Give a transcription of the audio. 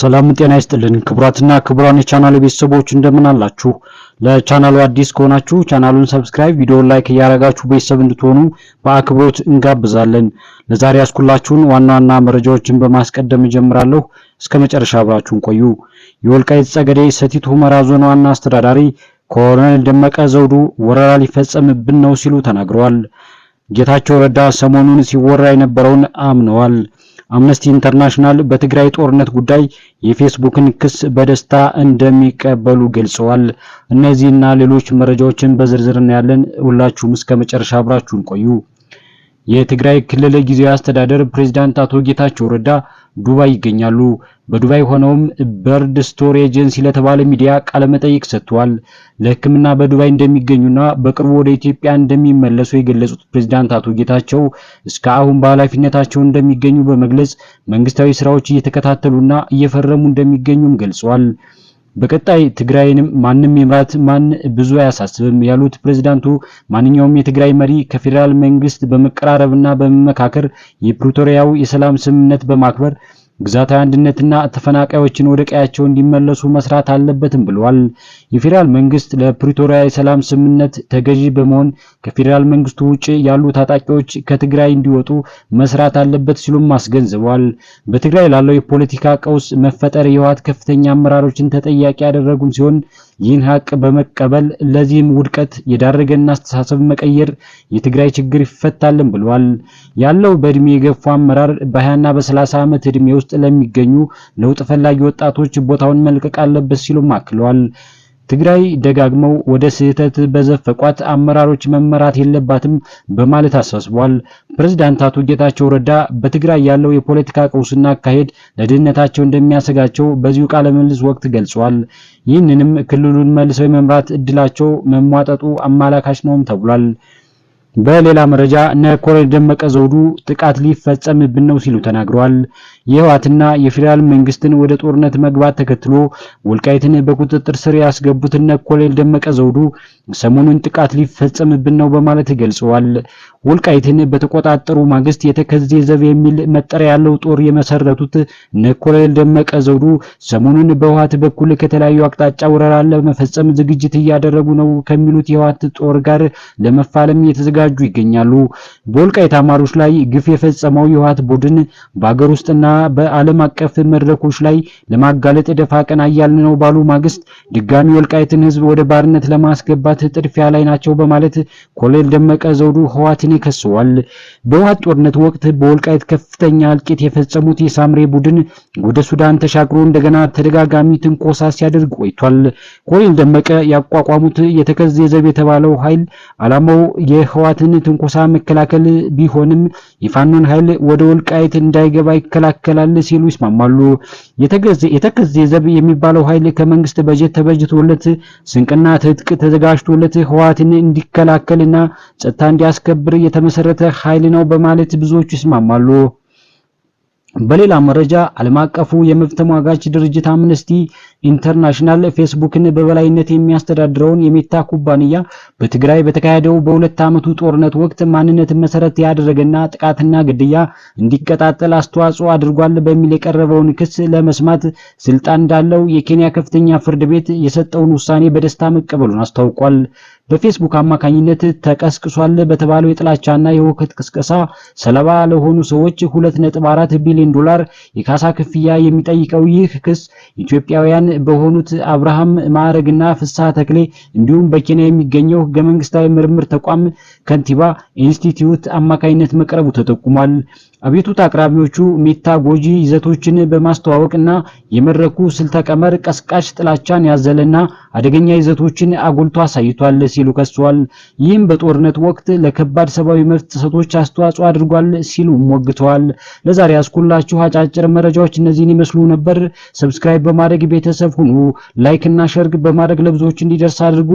ሰላም ጤና ይስጥልን ክቡራትና ክቡራን የቻናል ቤተሰቦች እንደምን አላችሁ? ለቻናሉ አዲስ ከሆናችሁ ቻናሉን ሰብስክራይብ፣ ቪዲዮውን ላይክ እያደረጋችሁ ቤተሰብ እንድትሆኑ በአክብሮት እንጋብዛለን። ለዛሬ ያስኩላችሁን ዋና ዋና መረጃዎችን በማስቀደም እጀምራለሁ። እስከ መጨረሻ አብራችሁን ቆዩ። የወልቃይት ጸገዴ ሰቲት ሁመራ ዞን ዋና አስተዳዳሪ ኮሎኔል ደመቀ ዘውዱ ወረራ ሊፈጸምብን ነው ሲሉ ተናግረዋል። ጌታቸው ረዳ ሰሞኑን ሲወራ የነበረውን አምነዋል። አምነስቲ ኢንተርናሽናል በትግራይ ጦርነት ጉዳይ የፌስቡክን ክስ በደስታ እንደሚቀበሉ ገልጸዋል። እነዚህና ሌሎች መረጃዎችን በዝርዝር እናያለን። ሁላችሁም እስከ መጨረሻ አብራችሁን ቆዩ። የትግራይ ክልል ጊዜያዊ አስተዳደር ፕሬዝዳንት አቶ ጌታቸው ረዳ ዱባይ ይገኛሉ። በዱባይ ሆነውም በርድ ስቶር ኤጀንሲ ለተባለ ሚዲያ ቃለ መጠይቅ ሰጥተዋል። ለሕክምና በዱባይ እንደሚገኙና በቅርቡ ወደ ኢትዮጵያ እንደሚመለሱ የገለጹት ፕሬዝዳንት አቶ ጌታቸው እስከ አሁን በኃላፊነታቸው እንደሚገኙ በመግለጽ መንግስታዊ ስራዎች እየተከታተሉና እየፈረሙ እንደሚገኙም ገልጸዋል። በቀጣይ ትግራይንም ማንም ይምራት ማን ብዙ አያሳስብም ያሉት ፕሬዝዳንቱ ማንኛውም የትግራይ መሪ ከፌዴራል መንግስት በመቀራረብና በመመካከር የፕሪቶሪያው የሰላም ስምምነት በማክበር ግዛታዊ አንድነትና ተፈናቃዮችን ወደ ቀያቸው እንዲመለሱ መስራት አለበትም ብለዋል። የፌዴራል መንግስት ለፕሪቶሪያ የሰላም ስምምነት ተገዢ በመሆን ከፌዴራል መንግስቱ ውጭ ያሉ ታጣቂዎች ከትግራይ እንዲወጡ መስራት አለበት ሲሉም አስገንዝበዋል። በትግራይ ላለው የፖለቲካ ቀውስ መፈጠር የህወሓት ከፍተኛ አመራሮችን ተጠያቂ ያደረጉም ሲሆን ይህን ሀቅ በመቀበል ለዚህም ውድቀት የዳረገና አስተሳሰብ መቀየር የትግራይ ችግር ይፈታልን ብለዋል። ያለው በእድሜ የገፉ አመራር በሀያና በሰላሳ ዓመት እድሜ ውስጥ ለሚገኙ ለውጥ ፈላጊ ወጣቶች ቦታውን መልቀቅ አለበት ሲሉም አክለዋል። ትግራይ ደጋግመው ወደ ስህተት በዘፈቋት አመራሮች መመራት የለባትም በማለት አሳስቧል። ፕሬዝዳንት አቶ ጌታቸው ረዳ በትግራይ ያለው የፖለቲካ ቀውስና አካሄድ ለደህንነታቸው እንደሚያሰጋቸው በዚሁ ቃለ ምልልስ ወቅት ገልጿል። ይህንንም ክልሉን መልሰው የመምራት እድላቸው መሟጠጡ አመላካች ነውም ተብሏል። በሌላ መረጃ እነ ኮሎኔል ደመቀ ዘውዱ ጥቃት ሊፈጸምብን ነው ሲሉ ተናግረዋል። የህወሓትና የፌዴራል መንግስትን ወደ ጦርነት መግባት ተከትሎ ወልቃይትን በቁጥጥር ስር ያስገቡት እነ ኮሎኔል ደመቀ ዘውዱ ሰሞኑን ጥቃት ሊፈጸምብን ነው በማለት ገልጸዋል። ወልቃይትን በተቆጣጠሩ ማግስት የተከዜ ዘብ የሚል መጠሪያ ያለው ጦር የመሰረቱት እነ ኮሎኔል ደመቀ ዘውዱ ሰሞኑን በህወሓት በኩል ከተለያዩ አቅጣጫ ወረራ ለመፈጸም ዝግጅት እያደረጉ ነው ከሚሉት የህወሓት ጦር ጋር ለመፋለም እየተዘጋጁ ይገኛሉ። በወልቃይት አማሮች ላይ ግፍ የፈጸመው የህወሓት ቡድን በአገር ውስጥና በዓለም አቀፍ መድረኮች ላይ ለማጋለጥ ደፋ ቀና እያልን ነው ባሉ ማግስት ድጋሚ ወልቃይትን ህዝብ ወደ ባርነት ለማስገባት ጥድፊያ ላይ ናቸው በማለት ኮሎኔል ደመቀ ዘውዱ ህወሓትን ቡድን ከሰዋል። በውሃ ጦርነት ወቅት በወልቃይት ከፍተኛ እልቂት የፈጸሙት የሳምሬ ቡድን ወደ ሱዳን ተሻግሮ እንደገና ተደጋጋሚ ትንኮሳ ሲያደርግ ቆይቷል። ኮሎኔል ደመቀ ያቋቋሙት የተከዜ ዘብ የተባለው ኃይል ዓላማው የህዋትን ትንኮሳ መከላከል ቢሆንም የፋኖን ኃይል ወደ ወልቃይት እንዳይገባ ይከላከላል ሲሉ ይስማማሉ። የተከዜ ዘብ የሚባለው ኃይል ከመንግስት በጀት ተበጅቶለት ስንቅና ትጥቅ ተዘጋጅቶለት ህዋትን እንዲከላከልና ጸጥታ እንዲያስከብር የተመሰረተ ኃይል ነው በማለት ብዙዎቹ ይስማማሉ። በሌላ መረጃ ዓለም አቀፉ የመብት ተሟጋች ድርጅት አምነስቲ ኢንተርናሽናል ፌስቡክን በበላይነት የሚያስተዳድረውን የሜታ ኩባንያ በትግራይ በተካሄደው በሁለት ዓመቱ ጦርነት ወቅት ማንነትን መሰረት ያደረገና ጥቃትና ግድያ እንዲቀጣጠል አስተዋጽኦ አድርጓል በሚል የቀረበውን ክስ ለመስማት ስልጣን እንዳለው የኬንያ ከፍተኛ ፍርድ ቤት የሰጠውን ውሳኔ በደስታ መቀበሉን አስታውቋል። በፌስቡክ አማካኝነት ተቀስቅሷል በተባለው የጥላቻና የውከት ቅስቀሳ ሰለባ ለሆኑ ሰዎች 2.4 ቢሊዮን ዶላር የካሳ ክፍያ የሚጠይቀው ይህ ክስ ኢትዮጵያውያን በሆኑት አብርሃም ማዕረግና ፍስሐ ተክሌ እንዲሁም በኬንያ የሚገኘው ህገ መንግስታዊ ምርምር ተቋም ከንቲባ ኢንስቲትዩት አማካኝነት መቅረቡ ተጠቁሟል። አቤቱታ አቅራቢዎቹ ሜታ ጎጂ ይዘቶችን በማስተዋወቅና የመድረኩ ስልተ ቀመር ቀስቃሽ ጥላቻን ያዘለና አደገኛ ይዘቶችን አጉልቶ አሳይቷል ሲሉ ከሷል። ይህም በጦርነት ወቅት ለከባድ ሰብአዊ መብት ጥሰቶች አስተዋጽኦ አድርጓል ሲሉ ሞግተዋል። ለዛሬ ያስኩላችሁ አጫጭር መረጃዎች እነዚህን ይመስሉ ነበር። ሰብስክራይብ በማድረግ ቤተሰብ ሁኑ። ላይክ እና ሸርግ በማድረግ ለብዙዎች እንዲደርስ አድርጉ።